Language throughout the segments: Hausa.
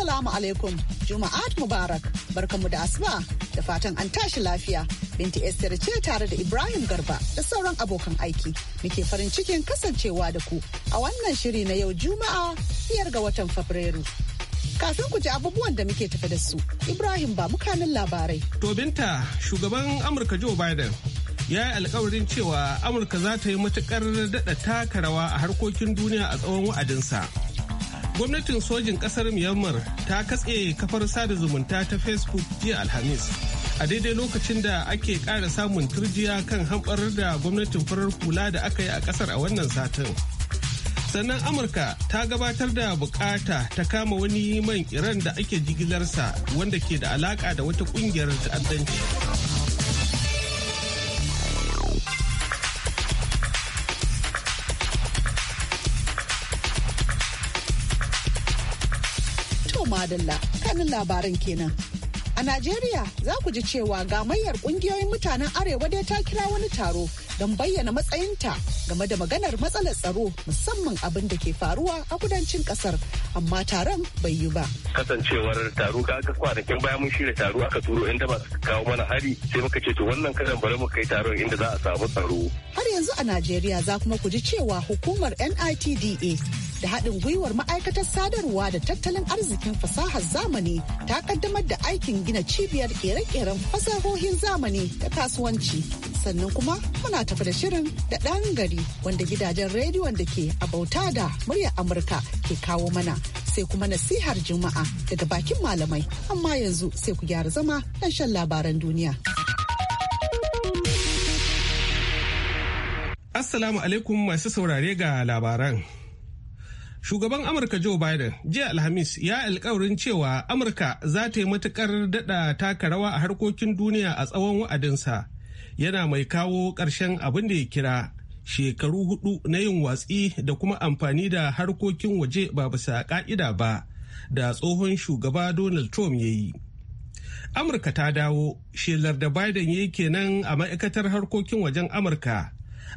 Assalamu alaikum. Juma'at Mubarak. Barkamu da asuba da fatan an tashi lafiya. Binti Esther ce tare da Ibrahim Garba da sauran abokan aiki. Muke farin cikin kasancewa da ku a wannan shiri na yau Juma'a biyar ga watan Fabrairu. Kafin ku ji abubuwan da muke tafi da su, Ibrahim ba mukanin labarai. To binta, shugaban Amurka Joe Biden ya yi alkawarin cewa Amurka za ta yi matukar daɗa taka rawa a harkokin duniya a tsawon wa'adinsa. gwamnatin sojin kasar myanmar ta katse kafar sada zumunta ta facebook jiya alhamis a daidai lokacin da ake ƙara samun turjiya kan hamɓarar da gwamnatin farar kula da aka yi a ƙasar a wannan satin sannan amurka ta gabatar da bukata ta kama wani man iran da ake jigilarsa wanda ke da alaka da wata kungiyar ta'addanci Madalla kanin labaran kenan. A Najeriya za ku ji cewa gamayyar kungiyoyin mutanen Arewa dai ta kira wani taro don bayyana matsayinta game da maganar matsalar tsaro musamman abin da ke faruwa a kudancin kasar amma taron bai yi ba. Kasancewar taro ga aka kwanakin baya mun shirya taro aka turo inda ba kawo mana hari sai muka ce to wannan kadan bari mu kai taron inda za a samu tsaro. Har yanzu a Najeriya za kuma ku ji cewa hukumar NITDA da haɗin gwiwar ma'aikatar sadarwa da tattalin arzikin fasahar zamani ta kaddamar da aikin gina cibiyar ƙere ƙeren fasahohin zamani da kasuwanci sannan kuma muna tafi da shirin da ɗan gari wanda gidajen rediyon da ke a bauta da muryar amurka ke kawo mana sai kuma nasihar juma'a daga bakin malamai amma yanzu sai ku gyara zama dan shan labaran duniya assalamu alaikum masu saurare ga labaran Shugaban Amurka Joe Biden jiya Alhamis ya alkawarin cewa Amurka za ta yi matukar dada taka rawa a harkokin duniya a tsawon wa'adinsa. Yana mai kawo ƙarshen abin da ya kira shekaru hudu na yin watsi da kuma amfani da harkokin waje ba bisa ka'ida ba da tsohon shugaba Donald Trump ya yi. Amurka ta dawo shelar da Biden ya kenan a ma'aikatar harkokin wajen Amurka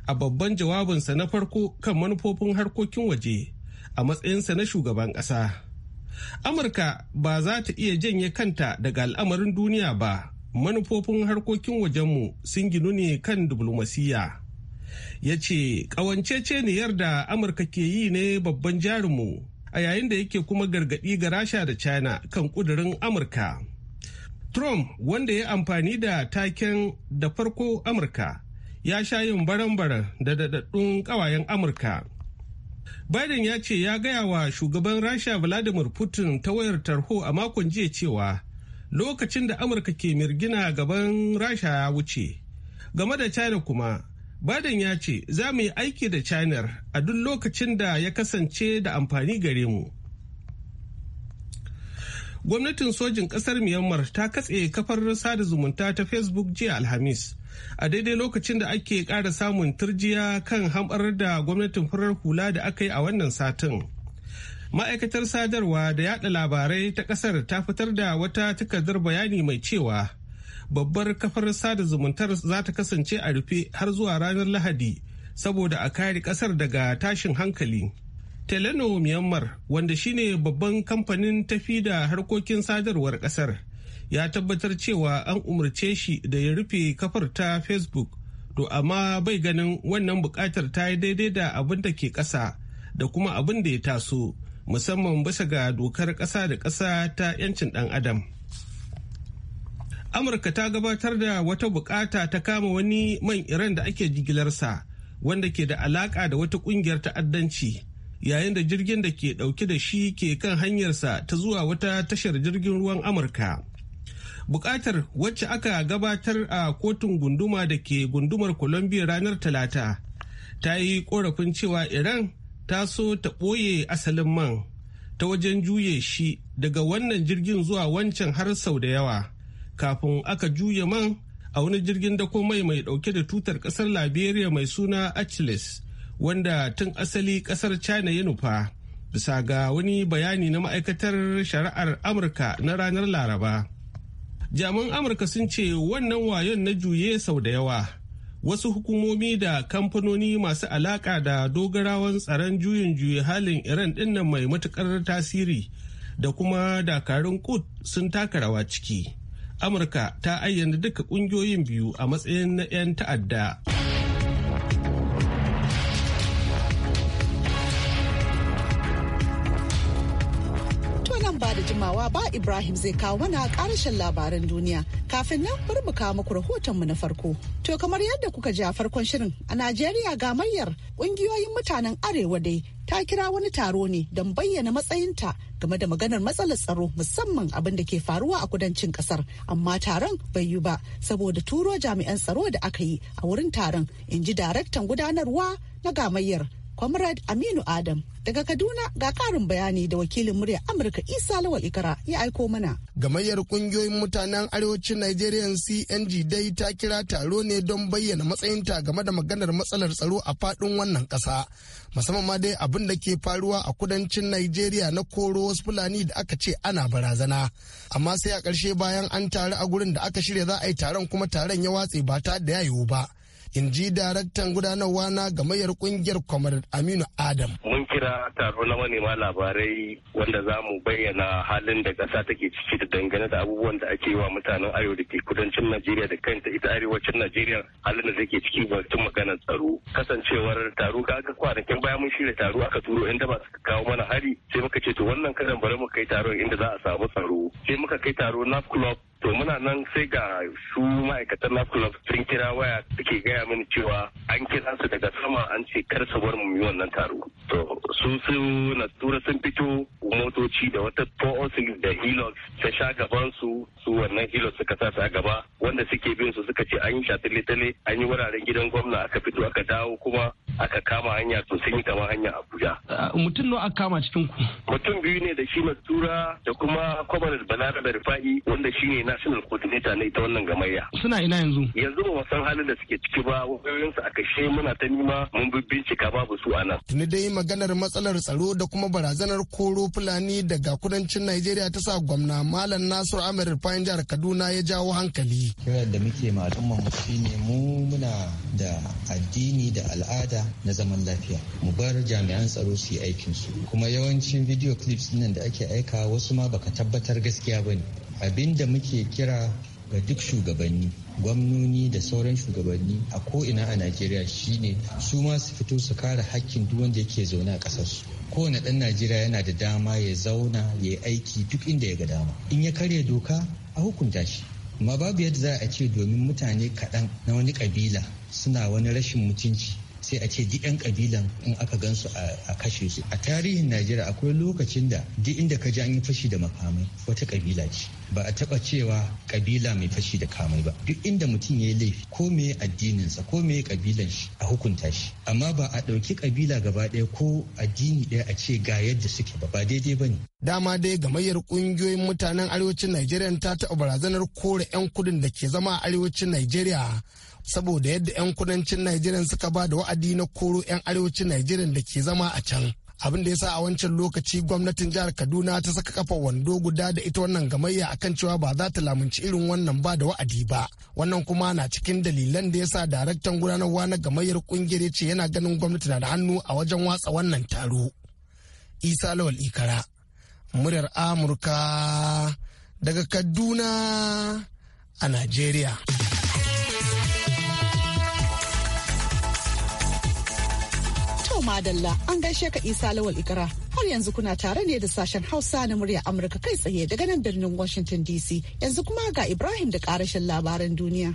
a babban jawabinsa na farko kan manufofin harkokin waje. a matsayinsa na shugaban ƙasa. Amurka ba za ta iya janye kanta daga al'amarin duniya ba, manufofin harkokin wajenmu sun ginu ne kan diplomasiya. Ya ce, ƙawanceceniyar da Amurka ke yi ne babban jarinmu, a yayin da yake kuma gargaɗi ga Rasha da China kan ƙudurin Amurka. Trump, wanda ya amfani da taken da farko Amurka, ya sha yin baran-baran da daɗaɗɗun ƙawayen Amurka. Biden ya ce ya gaya wa shugaban Rasha Vladimir Putin ta wayar tarho a makon jiya cewa lokacin da Amurka ke mirgina gaban Rasha ya wuce. Game da China kuma, Biden ya ce za mu yi aiki da China a duk lokacin da ya kasance da amfani gare mu. gwamnatin sojin kasar myanmar ta katse kafar sada zumunta ta facebook jiya alhamis a daidai lokacin da ake kara samun turjiya kan hamɓar da gwamnatin farar hula da aka yi a wannan satin ma'aikatar sadarwa da yada labarai ta ƙasar ta fitar da wata takardar bayani mai cewa babbar kafar sada zumuntar za ta kasance a rufe har zuwa ranar lahadi saboda a kare ƙasar daga tashin hankali Teleno Myanmar wanda shine babban kamfanin tafi da harkokin sadarwar kasar ya tabbatar cewa an umarce shi da ya rufe kafar ta Facebook to amma bai ganin wannan bukatar ta yi daidai da abin da ke kasa da kuma abin da ya taso musamman bisa ga dokar kasa da kasa ta 'yancin dan adam. Amurka ta gabatar da wata bukata ta kama wani man Iran da ake jigilarsa wanda ke da alaka da wata kungiyar ta'addanci. yayin da jirgin da ke dauke da shi ke kan hanyarsa ta zuwa wata tashar jirgin ruwan amurka bukatar wacce aka gabatar a kotun gunduma da ke gundumar colombia ranar talata ta yi korafin cewa iran ta so ta ɓoye asalin man ta wajen juye shi daga wannan jirgin zuwa wancan har sau da yawa kafin aka juye man a wani jirgin da komai mai dauke da tutar kasar liberia mai suna achilles wanda tun asali kasar china ya nufa bisa ga wani bayani na ma'aikatar shari'ar amurka na ranar laraba jami'an amurka sun ce wannan wayon na juye sau da yawa wasu hukumomi da kamfanoni masu alaka da dogarawan tsaron juyin juye halin iran dinnan mai matukar tasiri da kuma dakarun kut sun taka rawa ciki amurka ta ayyana duka kungiyoyin biyu a matsayin na 'yan ta'adda. nan ba da jimawa ba Ibrahim zai kawo mana karshen labaran duniya. Kafin nan bari mu kawo muku rahotonmu na farko. To kamar yadda kuka ji a farkon shirin a Najeriya ga mayar ƙungiyoyin mutanen Arewa dai ta kira wani taro ne don bayyana matsayinta game da maganar matsalar tsaro musamman abin da ke faruwa a kudancin kasar amma taron bai yi ba saboda turo jami'an tsaro da aka yi a wurin taron in ji daraktan gudanarwa na gamayyar Comrade Aminu Adam. Daga Kaduna ga karin bayani da wakilin murya Amurka Isa Lawal Ikara ya aiko mana. Gamayyar kungiyoyin mutanen arewacin Nigeria CNG dai ta kira taro ne don bayyana matsayinta game da maganar matsalar tsaro a faɗin wannan ƙasa. Musamman ma dai abin da ke faruwa a kudancin Nigeria na koro wasu Fulani da aka ce ana barazana. Amma sai a ƙarshe bayan an taru a gurin da aka shirya za a yi taron kuma taron ya watse ba ta da yayo ba. in ji daraktan gudanarwa na ga mayar kungiyar Comrade Aminu Adam. Mun kira taro na manema labarai wanda za mu bayyana halin da ƙasa take ciki da dangane da abubuwan da ake yi wa mutanen ayo da ke kudancin Najeriya da kanta ita arewacin Najeriya halin da take ciki batun maganar tsaro. Kasancewar taro ka aka kwanakin baya mun shirya taro aka turo inda ba suka kawo mana hari sai muka ce to wannan karan bari mu kai taron inda za a samu tsaro. Sai muka kai taro na club to muna nan sai ga su ma'aikatan na club sun kira waya suke gaya mini cewa an kira su daga sama an ce kar su bar mu yi wannan taro to su su na tura sun fito motoci da wata 406 da hilux ta sha gaban su su wannan hilux suka sa a gaba wanda suke bin su suka ce an yi shatale-tale an yi wuraren gidan gwamna aka fito aka dawo kuma aka kama hanya to sun yi kama hanya abuja ah, mutum nawa aka kama cikin ku mutum biyu ne da shi na tura da kuma kwamanar balarabar fa'i wanda shi ne na national coordinator na ita wannan gamayya suna ina yanzu yanzu ba san halin da suke ciki ba wayoyinsu a kashe muna ta nima mun bi bincika babu su anan tuni dai maganar matsalar tsaro da kuma barazanar koro fulani daga kudancin Najeriya ta sa gwamna Malam Nasir Ahmed Rufayin jihar Kaduna ya jawo hankali kiran da muke ma al'umma mu shine mu muna da addini da al'ada na zaman lafiya mu bar jami'an tsaro su yi aikin su kuma yawancin video clips nan da ake aika wasu ma baka tabbatar gaskiya bane abin da muke kira ga duk shugabanni gwamnoni da sauran shugabanni a ko'ina a najeriya shine su ma su fito su kare hakkin duk wanda yake zaune a ƙasarsu kowane ɗan najeriya yana da dama ya zauna ya yi aiki duk inda ya ga dama in ya karya doka a hukunta shi amma babu yadda za a ce domin mutane kaɗan na wani ƙabila suna wani rashin mutunci sai a ce duk 'yan kabilan in aka gansu a kashe su a tarihin najeriya akwai lokacin da duk inda ka ji an fashi da makamai wata kabila ce ba a taba cewa kabila mai fashi da kamai ba duk inda mutum ya yi laifi ko me addininsa ko me kabilan shi a hukunta shi amma ba a ɗauki kabila gaba ɗaya ko addini ɗaya a ce ga yadda suke ba ba daidai ba ne dama dai gamayyar kungiyoyin mutanen arewacin najeriya ta taɓa barazanar kore 'yan kudin da ke zama a arewacin najeriya saboda yadda 'yan kudancin Najeriya suka ba da wa'adi na koro 'yan arewacin Najeriya da ke zama a can. Abin da ya sa a wancan lokaci gwamnatin jihar Kaduna ta saka kafa wando guda da ita wannan gamayya akan cewa ba za ta lamunci irin wannan ba da wa'adi ba. Wannan kuma na cikin dalilan da ya sa daraktan gudanarwa na gamayyar kungiyar ce yana ganin gwamnati na da hannu a wajen watsa wannan taro. Isa Lawal Ikara, muryar Amurka daga Kaduna a Najeriya. madalla an gaishe ka isa lawal ikara har yanzu kuna tare ne da sashen hausa na murya amurka kai tsaye daga nan birnin washington dc yanzu kuma ga ibrahim da karashin labaran duniya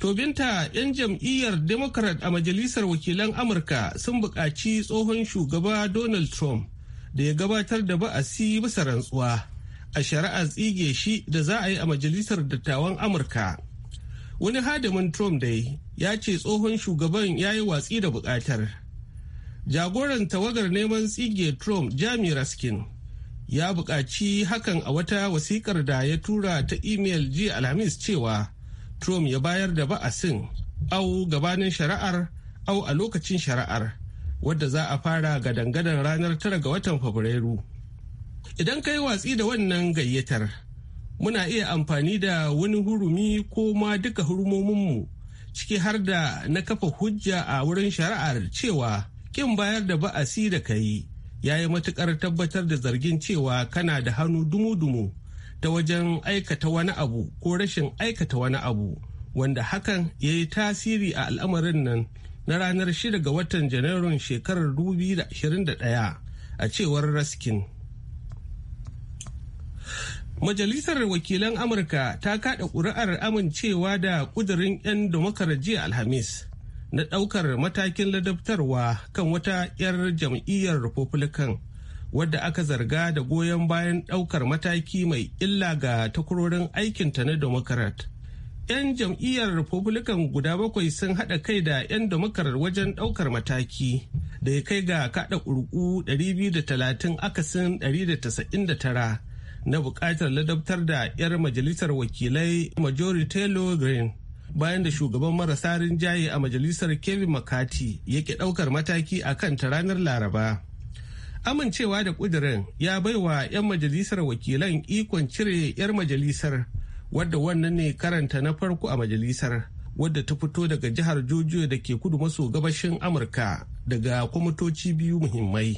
Tobinta 'yan jam'iyyar Democrat a Majalisar Wakilan Amurka sun buƙaci tsohon shugaba Donald Trump da ya gabatar da ba'asi bisa rantsuwa a shari'a tsige shi da za a yi a Majalisar Dattawan Amurka. wani hadimin trump dai ya ce tsohon shugaban ya yi watsi da bukatar jagoran tawagar neman tsige trump Jami raskin ya buƙaci hakan a wata wasiƙar da ya tura ta imel ji alhamis cewa trump ya bayar da ba'asin au gabanin shari'ar au a lokacin shari'ar wadda za a fara gadangadan ranar tara ga watan fabrairu idan ka yi watsi da wannan gayyatar muna iya amfani da wani hurumi ko ma duka hurumominmu ciki har da na kafa hujja a wurin shari'ar cewa kin bayar da ba'asi da ka yi ya yi matukar tabbatar da zargin cewa kana da hannu dumu-dumu ta wajen aikata wani abu ko rashin aikata wani abu wanda hakan ya yi tasiri a al'amarin nan na ranar 6 ga watan janairun shekarar 2021 a cewar raskin. Majalisar Wakilan Amurka ta kada ƙuri'ar amincewa da ƙudurin 'yan jiya Alhamis na ɗaukar matakin ladabtarwa kan wata 'yar jam'iyyar Republican wadda aka zarga da goyon bayan ɗaukar mataki mai illa ga takwarorin aikinta na Democrat. 'yan jam'iyyar republican guda bakwai sun haɗa kai da 'yan Democrat wajen ɗaukar mataki da ya kai ga kaɗa ƙuri'u 230 akasin 199 na buƙatar ladabtar da 'yar majalisar wakilai majori taylor green bayan da shugaban marasa rinjaye a majalisar kevin mccarthy yake ɗaukar mataki a kan ta ranar laraba amincewa da kudirin ya baiwa 'yan majalisar wakilan ikon cire 'yar majalisar wadda wannan ne karanta na farko a majalisar wadda ta fito daga jihar jojiyo da ke kudu maso gabashin amurka daga kwamitoci biyu muhimmai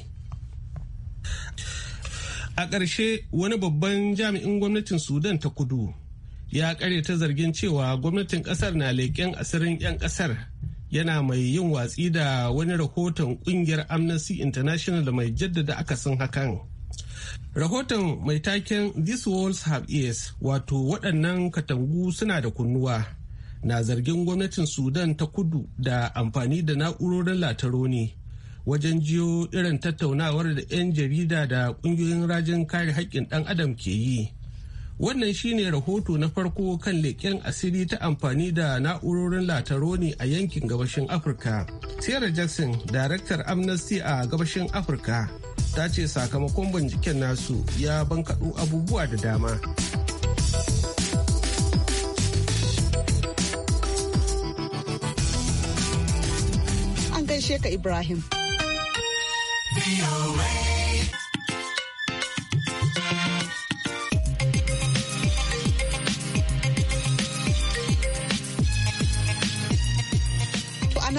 A ƙarshe wani babban jami'in gwamnatin Sudan ta kudu ya ta zargin cewa gwamnatin ƙasar na leƙen asirin 'yan ƙasar yana mai yin watsi da wani rahoton ƙungiyar Amnesty International mai jaddada akasin hakan. Rahoton mai taken These Walls Have Ears wato waɗannan katangu suna da kunnuwa na zargin gwamnatin Sudan ta kudu da amfani da na'urorin lataroni. wajen jiyo irin tattaunawar da 'yan jarida da kungiyoyin rajin kare haƙƙin ɗan adam ke yi wannan shine rahoto na farko kan leƙen asiri ta amfani da na'urorin lataroni a yankin gabashin afirka sarah jackson daraktar amnesty a gabashin afirka ta ce sakamakon binciken nasu ya bankaɗo abubuwa da dama an gaishe ka ibrahim Be away.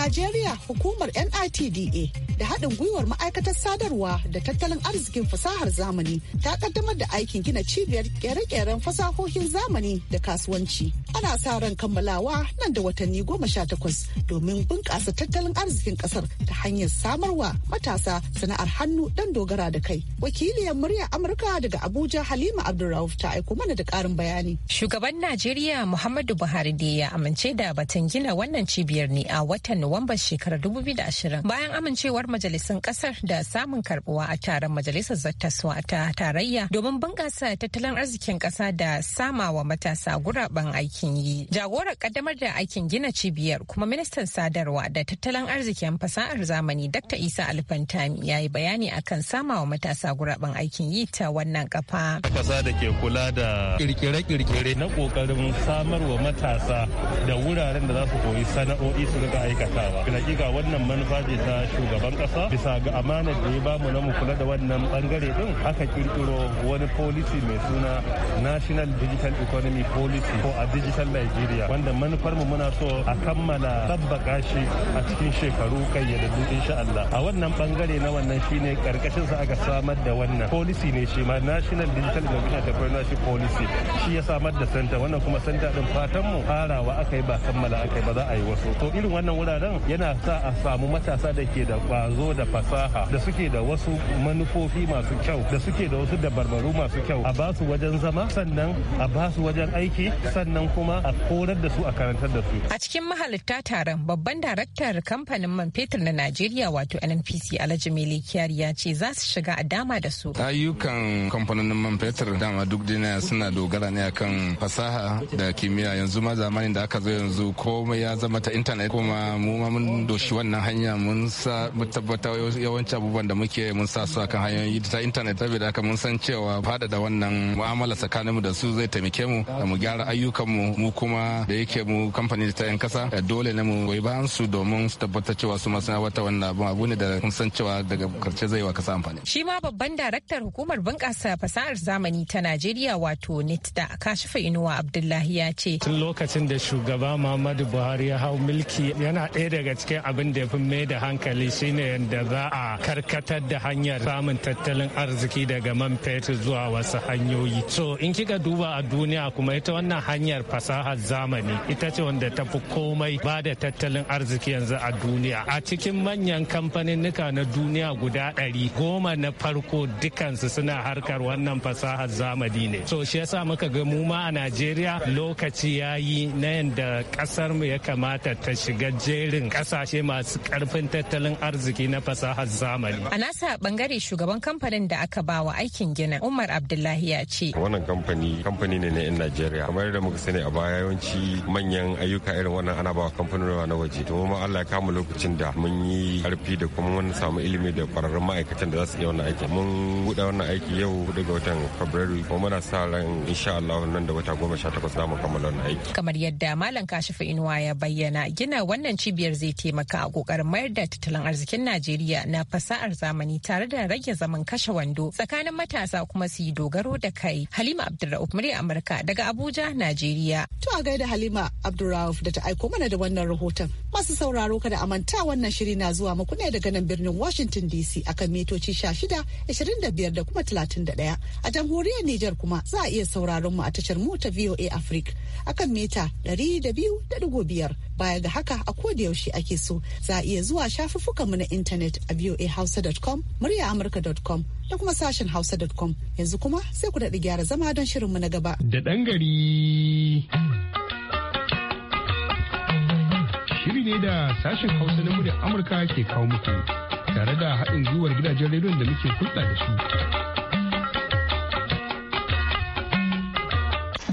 Najeriya hukumar NITDA da haɗin gwiwar ma'aikatar sadarwa da tattalin arzikin fasahar zamani ta kaddamar da aikin gina cibiyar ƙere keren fasahohin zamani da kasuwanci. Ana sa ran kammalawa nan da watanni goma sha takwas domin bunƙasa tattalin arzikin ƙasar ta hanyar samarwa matasa sana'ar hannu don dogara da kai. Wakiliyar murya Amurka daga Abuja Halima Abdulrauf ta aiko mana da ƙarin bayani. Shugaban Najeriya Muhammadu Buhari da ya amince da batun gina wannan cibiyar ne a watan Nuwamban shekarar 2020 bayan amincewar majalisun kasar da samun karbuwa a taron majalisar zattaswa ta tarayya domin bunƙasa tattalin arzikin ƙasa da samawa matasa guraben aikin yi. Jagorar kaddamar da aikin gina cibiyar kuma ministan sadarwa da tattalin arzikin fasahar zamani Dr. Isa Alfantami ya yi bayani akan samawa matasa guraben aikin yi ta wannan kafa. Kasa da ke kula da ƙirƙire-ƙirƙire na kokarin samarwa matasa da wuraren da za su koyi sana'o'i su rika aikata kulawa hakika wannan manufa ce ta shugaban kasa bisa ga amanar da ya bamu na mu kula da wannan bangare din aka kirkiro wani policy mai suna national digital economy policy ko a digital nigeria wanda manufar mu muna so a kammala sabbaka shi a cikin shekaru kayyadaddu insha Allah a wannan bangare na wannan shine karkashin sa aka samar da wannan policy ne shi ma national digital economy entrepreneurship policy shi ya samar da center wannan kuma center din fatan mu farawa aka yi ba kammala aka yi ba za a yi wasu to irin wannan wuraren yana sa a samu matasa da ke da ƙwazo da fasaha da suke da wasu manufofi masu kyau da suke da wasu dabarbaru masu kyau a ba su wajen zama sannan a ba su wajen aiki sannan kuma a korar da su a karantar da su. A cikin mahalitta taron babban daraktar kamfanin man fetur na Najeriya wato NNPC Alhaji Mele ya ce za su shiga a dama da su. Ayyukan kamfanin man fetur dama duk duniya suna dogara ne akan fasaha da kimiyya yanzu ma zamanin da aka zo yanzu komai ya zama ta intanet kuma mu kuma mun doshi wannan hanya mun tabbata yawancin abubuwan da muke mun sa su akan hanyoyi ta intanet saboda haka mun san cewa fada da wannan mu'amala tsakaninmu da su zai taimake mu da mu gyara ayyukanmu mu kuma da yake mu kamfani ta yan kasa dole ne mu goyi bayan su domin su tabbata cewa su masu wata wannan abu abu ne da mun san cewa daga karshe zai wa kasa amfani. Shi ma babban daraktar hukumar bunƙasa fasahar zamani ta Najeriya wato NIT da kashifa Inuwa Abdullahi ya ce. Tun lokacin da shugaba Muhammadu Buhari ya hau mulki yana ɗaya daga cikin abin da ya fi mai da hankali shine yadda za a karkatar da hanyar samun tattalin arziki daga man fetur zuwa wasu hanyoyi so in kika duba a duniya kuma ita wannan hanyar fasahar zamani ita ce wanda ta fi komai ba da tattalin arziki yanzu a duniya a cikin manyan kamfaninnika na duniya guda ɗari goma na farko dukansu suna harkar wannan fasahar zamani ne so shi yasa muka ga mu ma a najeriya lokaci ya yi na yadda ƙasarmu mu ya kamata ta shiga jerin irin kasashe masu karfin tattalin arziki na fasahar zamani. A nasa bangare shugaban kamfanin da aka bawa aikin gina Umar Abdullahi ya ce. Wannan kamfani kamfani ne na 'yan Najeriya kamar da muka sani a baya yawanci manyan ayyuka irin wannan ana bawa kamfanonuwa na waje to mu Allah ya kama lokacin da mun yi karfi da kuma mun samu ilimi da kwararrun ma'aikatan da za su iya wannan aiki mun buɗe wannan aiki yau daga watan Fabrairu kuma muna sa ran insha Allah nan da wata goma sha takwas za mu kammala wannan aiki. Kamar yadda Malam Kashifu Inuwa ya bayyana gina wannan cibiyar kungiyar zai taimaka a kokarin mayar da tattalin arzikin Najeriya na fasahar zamani tare da rage zaman kashe wando tsakanin matasa kuma su yi dogaro da kai. Halima Abdulrauf murya Amurka daga Abuja, Najeriya. To a gaida Halima Abdulrauf da ta aiko mana da wannan rahoton. Masu sauraro kada a manta wannan shiri na zuwa muku ne daga nan birnin Washington DC akan mitoci 16, 25 da kuma 31. A jamhuriyar Nijar kuma za a iya sauraron mu a tashar mu ta VOA Africa akan mita 200.5. Baya ga haka a ko da yaushe ake so za a iya zuwa shafuffukanmu na intanet a voahausa.com, muryaamurka.com da kuma sashen hausa.com. Yanzu kuma sai ku daɗi gyara zama don shirinmu na gaba. Da ɗan gari. Shiri ne da sashen hausa na murya Amurka ke kawo muku tare da haɗin gwiwar gidajen rediyon da muke hulɗa da su.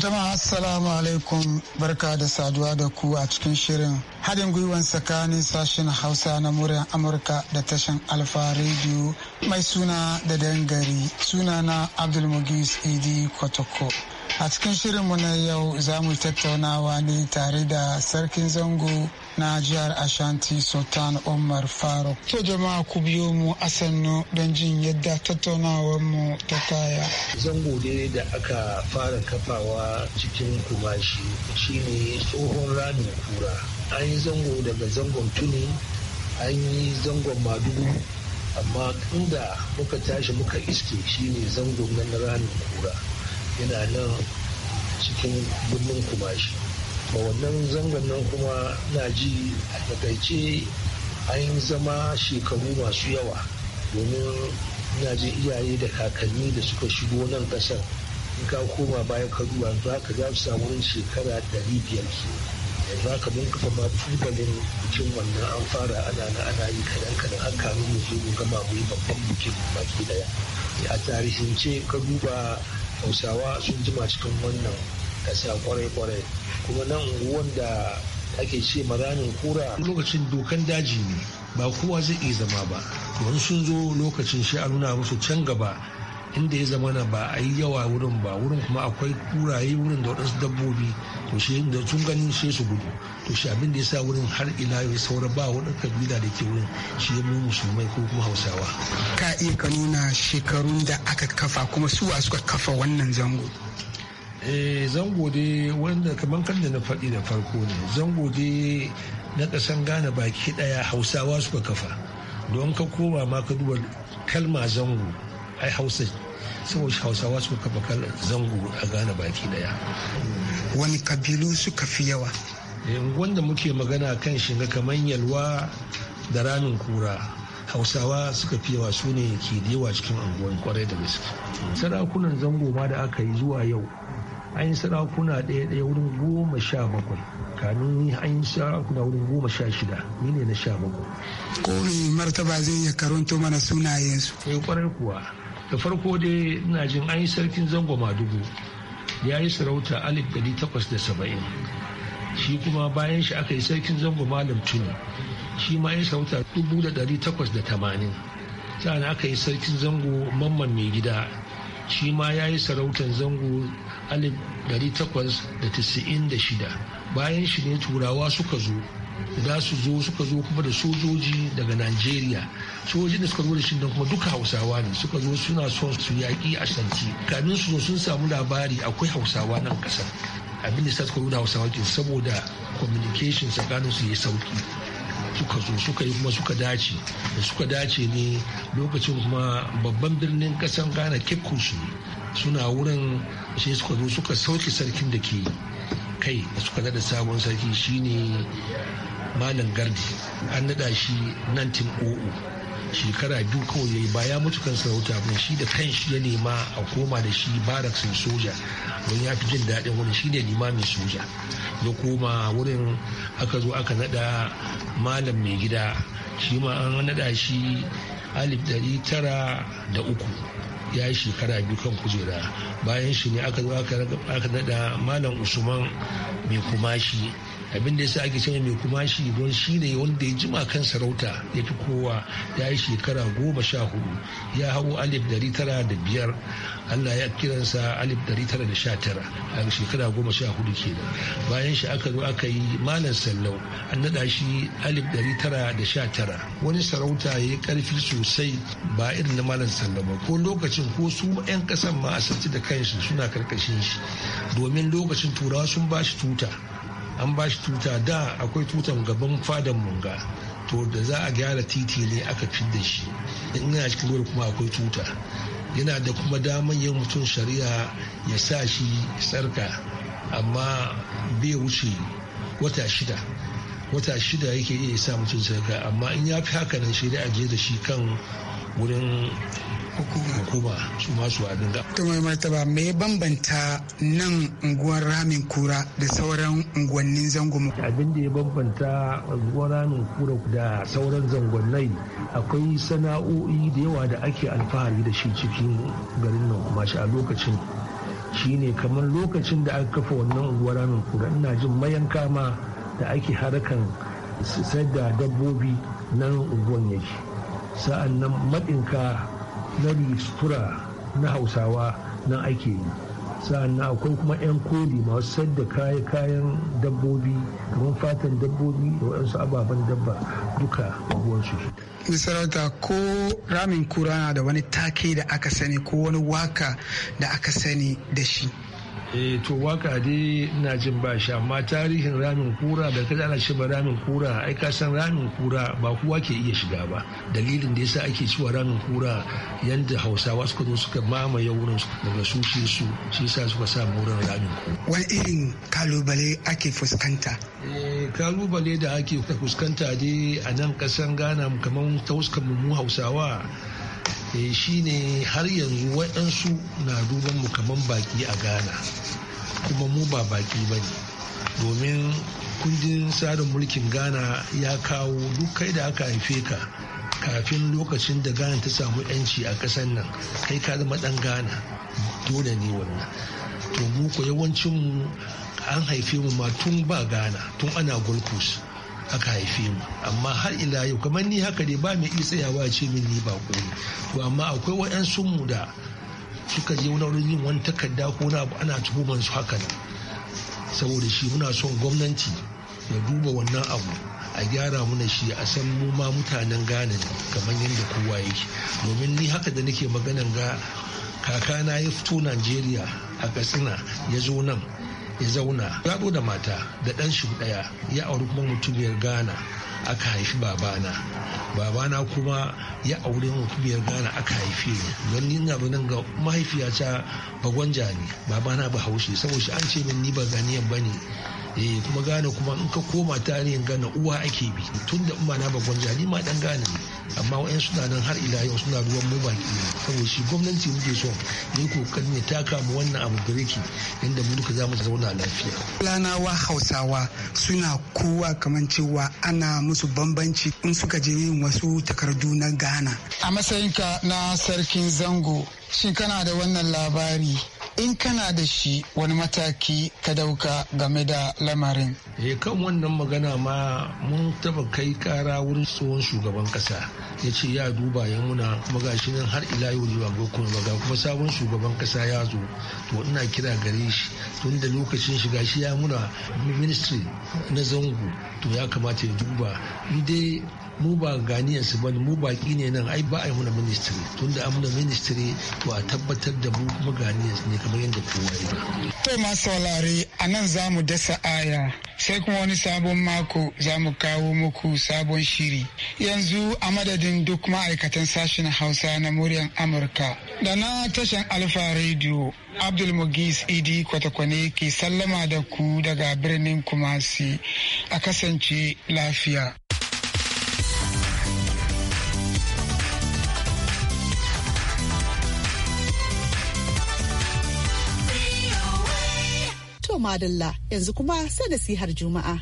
Jama'a Assalamu alaikum barka da saduwa da ku a cikin shirin haɗin gwiwan tsakanin sashen Hausa na muryar Amurka da tashan Alfa Radio mai suna da dangari sunana Abdulmugis Idi Kotoko. a cikin shirinmu na yau za mu tattaunawa ne tare da sarkin zango na jihar ashanti sultan umar faruk to jama'a ku biyo mu a sannu don jin yadda tattaunawar mu ta kaya zango ne da aka fara kafawa cikin kumashi shine tsohon ranin kura an yi zango daga zangon tuni an yi zangon madugu amma inda muka tashi muka iske shine zangon na ranin kura yana nan cikin birnin kumashi ba wannan zangon nan kuma na ji a takaice an zama shekaru masu yawa domin na ji iyaye da kakanni da suka shigo nan kasar in ka koma baya ka duba za ka za su samu shekara ɗari biyar yanzu haka kafa ma tubalin bikin wannan an fara ana na ana yi kadan kadan an kanu mu zo gama mu babban bikin baki daya a tarihin ce ka duba hausawa sun jima cikin wannan kasa kwarai-kwarai kuma nan unguwan da ake ce maranin kura lokacin dokan daji ne ba kowa zai iya zama ba don sun zo lokacin shi nuna musu can gaba inda ya zama na ba a yi yawa wurin ba wurin kuma akwai kuraye wurin da waɗansu dabbobi to shi da sun ganin sai su gudu to shi abin da ya sa wurin har ila ya saura ba wani kabila da ke wurin shi ya musulmai ko kuma hausawa ka iya ka nuna shekarun da aka kafa kuma su suka kafa wannan zango eh zango dai wanda kamar kan da na faɗi da farko ne zango dai na ƙasan gane baki ɗaya hausawa suka kafa don ka koma ma ka duba kalma zango ai hausa saboda hausawa su kafa zango a gane baki daya wani kabilu suka fi yawa eh, wanda muke magana kan shi na kamar yalwa da ramin kura hausawa suka fi yawa su ne ke da yawa cikin anguwan kwarai da gaske sarakunan zango ma da aka yi zuwa yau an yi sarakuna ɗaya ɗaya wurin goma sha bakwai kanun an yi sarakuna wurin goma sha shida ni ne na sha bakwai ko martaba zai iya karanto mana sunayensu eh, kwarai kuwa da farko dai ina jin an yi sarkin zango madugu ya yi sarauta alif dari takwas da saba'in shi kuma bayan shi aka yi sarkin zango malam tuni shi ma ya sarauta dubu da dari takwas da tamanin sa'an aka yi sarkin zango mamman mai gida shi ma ya yi sarautar zango alif dari takwas da tisa'in da shida bayan shi ne turawa suka zo za su zo suka zo kuma da sojoji daga Najeriya sojoji da suka zo da shi kuma duka Hausawa ne suka zo suna son su yaƙi a Shanti. kamin su zo sun samu labari akwai Hausawa nan kasar abin da suka nuna Hausawa ke saboda communication tsakanin su yi sauki suka zo suka yi kuma suka dace da suka dace ne lokacin kuma babban birnin kasar Ghana Kekusu suna wurin shi suka zo suka sauke sarkin da ke kai suka zada sabon sarki shine malam gardi an naɗa shi 1900 shekara biyu kawai yayi ba ya mutu kan sarauta ba shi da kanshi ya nema a koma da shi baraksin soja don ya fi jin daɗin wani shi ne limamin soja ya koma wurin aka zo aka naɗa malam mai gida shi ma an naɗa shi alif ɗari tara da uku ya yi shekara biyu kan kujera bayan shi ne aka zo aka naɗa malam usman mai kuma shi. abin da yasa ake cewa mai kumashi don shi ne wanda ya jima kan sarauta ya fi kowa ya yi shekara goma sha hudu ya hau alif dari tara da biyar allah ya kiransa alif dari tara da sha tara a shekara goma sha hudu kenan bayan shi aka zo aka yi malam sallau an naɗa shi alif dari tara da sha tara wani sarauta ya yi ƙarfi sosai ba irin na malam sallau ba ko lokacin ko su 'yan ƙasan ma a da kansu suna karkashin shi domin lokacin turawa sun ba shi tuta an ba shi tuta da akwai tutan gaban fadan munga to da za a gyara titi ne aka fi da shi in yana cikin wuri kuma akwai tuta yana da kuma daman yin mutum shari'a ya sa shi sarka amma bai wuce wata shida wata shida yake iya sa mutum sarka amma in ya fi haka nan shari'a je da shi kan wurin hukuma su masu adunga. to mai martaba me bambanta nan unguwar ramin kura da sauran unguwannin zangonmu. abin da ya bambanta unguwar ramin kura da sauran zangonnai akwai sana'o'i da yawa da ake alfahari da shi cikin garin nan kuma shi a lokacin shine kamar lokacin da aka kafa wannan unguwar ramin kura ina jin mayanka ma da ake harakan sayar da dabbobi nan unguwan yake sa'an nan maɗinka na sutura na hausawa nan ake yi na akwai kuma 'yan koli masu sayar da kayan dabbobi kamar fatan dabbobi da waɗansu ababen dabba duka unguwarsu sarauta ko ramin kura na da wani take da aka sani ko wani waka da aka sani da shi eh to waka dai ina jin ba shi amma tarihin ramin kura da kada ana ce ramin kura ai ka san ramin kura ba kowa ke iya shiga ba dalilin da yasa ake cewa ramin kura yanda hausawa suka zo suka mamaye wurin daga su shi su shi yasa suka sa wurin ramin kura wani irin kalubale ake fuskanta eh, kalubale da ake fuskanta dai a nan kasan ghana kamar ta mu hausawa Eh, shine har yanzu waɗansu na duban mu kaman baki a ghana kuma mu ba baki ba ne domin kundin tsarin mulkin ghana ya kawo duk kai da aka haife ka kafin lokacin da ghana ta samu 'yanci a ƙasar nan kai ka zama ɗan ghana dole ne wannan to mu ko yawancin mu an haife mu ma tun ba ghana tun ana gold aka haife mu amma har ila yau kamar ni haka dai ba mai iya tsayawa ce min ni ba to amma akwai wa'yan mu da suka je wurin yin wani takarda ko na abu ana tuhuman su haka nan saboda shi muna son gwamnati ya duba wannan abu a gyara muna shi a san mu ma mutanen Ghana kamar yadda kowa yake domin ni haka da nake maganan ga kakana ya fito Najeriya a Katsina ya zo nan ya zauna zaɓo da mata da ɗan shi ɗaya ya auri kuma mutubiyar ghana aka haifi babana babana kuma ya auri mutumiyar ghana aka haifi ne don ni abu nan ga mahaifiyata ta bagwanja ne babana ba haushe saboda an ce min ni ba ganiyan ba ne eh kuma gane kuma in ka koma tarihin gane uwa ake bi tun da umma na babban jari ma dan gane amma wa'yan suna nan har ila yau suna ruwan mu baki saboda shi gwamnati muke so ne kokarin ya taka mu wannan abu gare inda mu duka za mu zauna lafiya lanawa hausawa suna kowa kamar cewa ana musu bambanci in suka je yin wasu takardu na Ghana a matsayinka na sarkin zango shin kana da wannan labari in kana da shi wani mataki ka dauka game da lamarin Ya eh, kan wannan magana ma mun taba kai kara wurin tsohon shugaban kasa ya ce ya duba ya muna magashi nan har ila yau ne ba kuma ga kuma sabon shugaban kasa ya zo to ina kira gare shi tun da lokacin shiga shi ya muna ministry na zango to ya kamata ya duba dai mu ba ganiyar su bane mu baki ne nan ai ba a yi muna ministry tunda da muna ministry to a tabbatar da mu kuma ganiyar ne kamar yadda kowa ya to masu saurare a nan za mu dasa aya sai kuma wani sabon mako za mu kawo muku sabon shiri yanzu a madadin duk ma'aikatan sashen hausa na muryan amurka da na tashan alfa radio abdul mugis idi kwatakwane ke sallama da ku daga birnin kumasi a kasance lafiya madalla yanzu kuma sai da nasihar juma'a.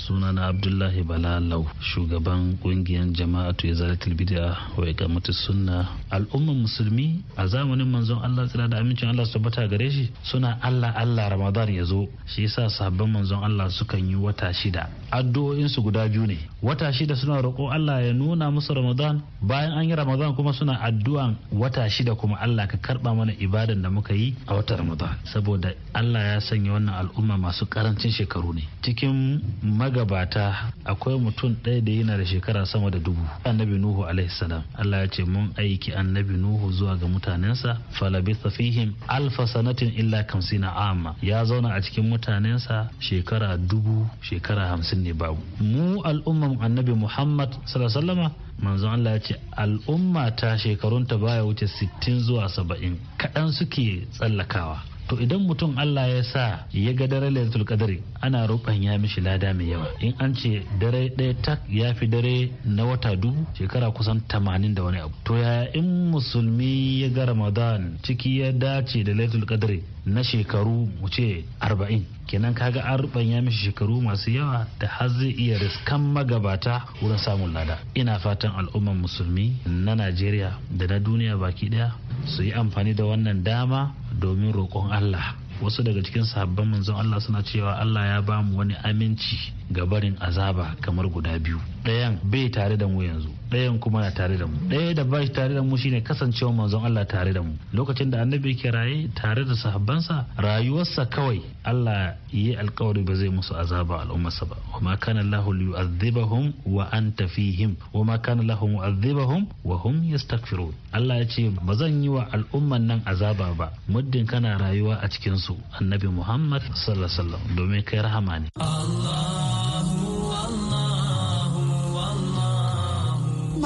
sunana abdullahi balalau shugaban kungiyar jama'atu ya zara bid'a wa iqamatu sunna al'ummar musulmi a zamanin manzon Allah tsira da amincin Allah su tabbata gare shi suna Allah Allah Ramadan ya zo shi yasa sabbin manzon Allah sukan yi wata shida addu'o'insu guda biyu ne wata shida suna roƙo Allah ya nuna musu Ramadan bayan an yi Ramadan kuma suna addu'an wata shida kuma Allah ka karba mana ibadan da muka yi a wata Ramadan saboda Allah ya sanya wannan al'umma masu karancin shekaru ne cikin magabata akwai mutum ɗaya da yana da shekara sama da dubu annabi Nuhu alaihi salam Allah ya ce mun aiki annabi Nuhu zuwa ga mutanensa falabitha fihim alfa sanatin illa kamsina amma ya zauna a cikin mutanensa shekara dubu shekara hamsin ne babu mu al'umma al'umman annabi muhammad sallama manzo allah ya ce al'umma ta shekarunta baya wuce 60 zuwa 70 kaɗan suke tsallakawa to idan mutum Allah ya sa ya ga dare lailatul kadari ana ya mishi lada mai yawa in an ce dare ɗaya tak ya fi dare na wata dubu shekara kusan tamanin da wani abu to ya in musulmi ya ga ramadan ciki ya dace da lailatul kadari na shekaru mu ce arba'in kenan kaga an ya mishi shekaru masu yawa da har zai iya riskan magabata wurin samun lada ina fatan al'umman musulmi na najeriya da na duniya baki daya su yi amfani da wannan dama domin roƙon allah wasu daga cikin sahabban manzon allah suna cewa allah ya bamu wani aminci gabarin azaba kamar guda biyu ɗayan bai tare da mu yanzu ɗayan kuma na tare da mu ɗaya da bashi tare da mu shine kasancewa manzon Allah tare da mu lokacin da annabi ke raye tare da sahabbansa rayuwarsa kawai Allah yi alkawari ba zai musu azaba al'ummarsa ba wa ma kana Allahu yu'adhibahum wa anta fihim wa ma kana Allahu mu'adhibahum wa hum yastaghfirun Allah ya ce ba zan yi wa al'umman nan azaba ba muddin kana rayuwa a cikin su annabi Muhammad sallallahu alaihi wasallam domin kai rahama ne Allah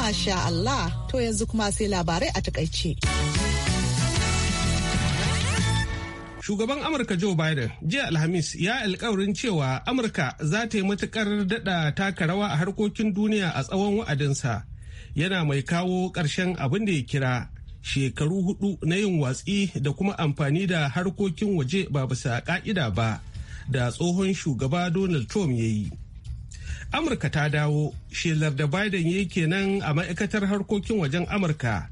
Masha Allah, to yanzu kuma sai labarai a takaice. Shugaban Amurka Joe Biden jiya Alhamis ya alkawarin cewa Amurka za ta yi matukar daɗa taka rawa a harkokin duniya a tsawon wa'adinsa. Yana mai kawo ƙarshen abin da ya kira shekaru hudu na yin watsi da kuma amfani da harkokin waje ba bisa ƙa'ida ba da tsohon shugaba Donald Trump ya yi. amurka ta dawo shelar da biden ya kenan a ma'aikatar harkokin wajen amurka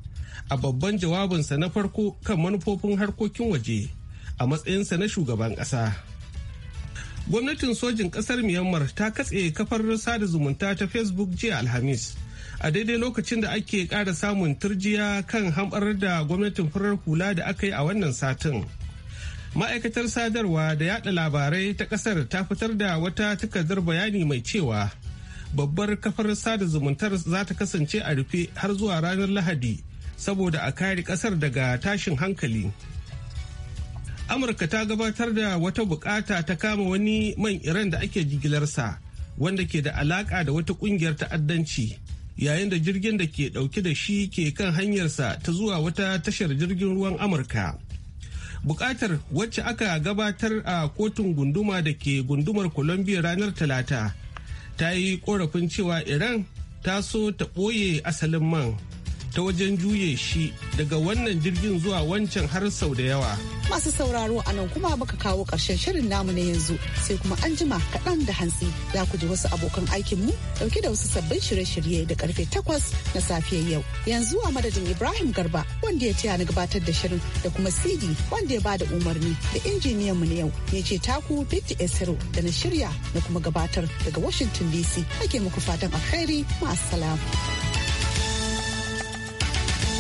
a babban jawabinsa na farko kan manufofin harkokin waje a matsayinsa na shugaban ƙasa. gwamnatin sojin ƙasar myanmar ta katse kafar sada zumunta ta facebook jiya alhamis a daidai lokacin da ake ƙara samun turjiya kan hambar da gwamnatin farar hula da aka yi a wannan satin. ma'aikatar sadarwa da yada labarai ta kasar ta fitar da wata takardar bayani mai cewa babbar kafar sada zumuntar za ta kasance a rufe har zuwa ranar lahadi saboda a kare kasar daga tashin hankali amurka ta gabatar da wata bukata ta kama wani man iran da ake jigilarsa wanda ke da alaka da wata kungiyar ta'addanci yayin da jirgin da ke dauke da shi ke kan hanyarsa ta zuwa wata tashar jirgin ruwan amurka bukatar wacce aka gabatar a kotun gunduma da ke gundumar colombia ranar talata ta yi korafin cewa iran ta so ta ɓoye asalin man ta wajen juye shi daga wannan jirgin zuwa wancan har sau da yawa. Masu sauraro a nan kuma baka kawo ƙarshen shirin namu na yanzu sai kuma an jima kaɗan da hantsi za ku ji wasu abokan aikin mu ɗauke da wasu sabbin shirye-shirye da karfe takwas na safiya yau. Yanzu a madadin Ibrahim Garba wanda ya taya na gabatar da shirin da kuma CD wanda ya ba da umarni da injiniyan mu na yau ya ce taku Bitti Esero da na shirya na kuma gabatar daga Washington DC. Ake muku fatan alheri ma'a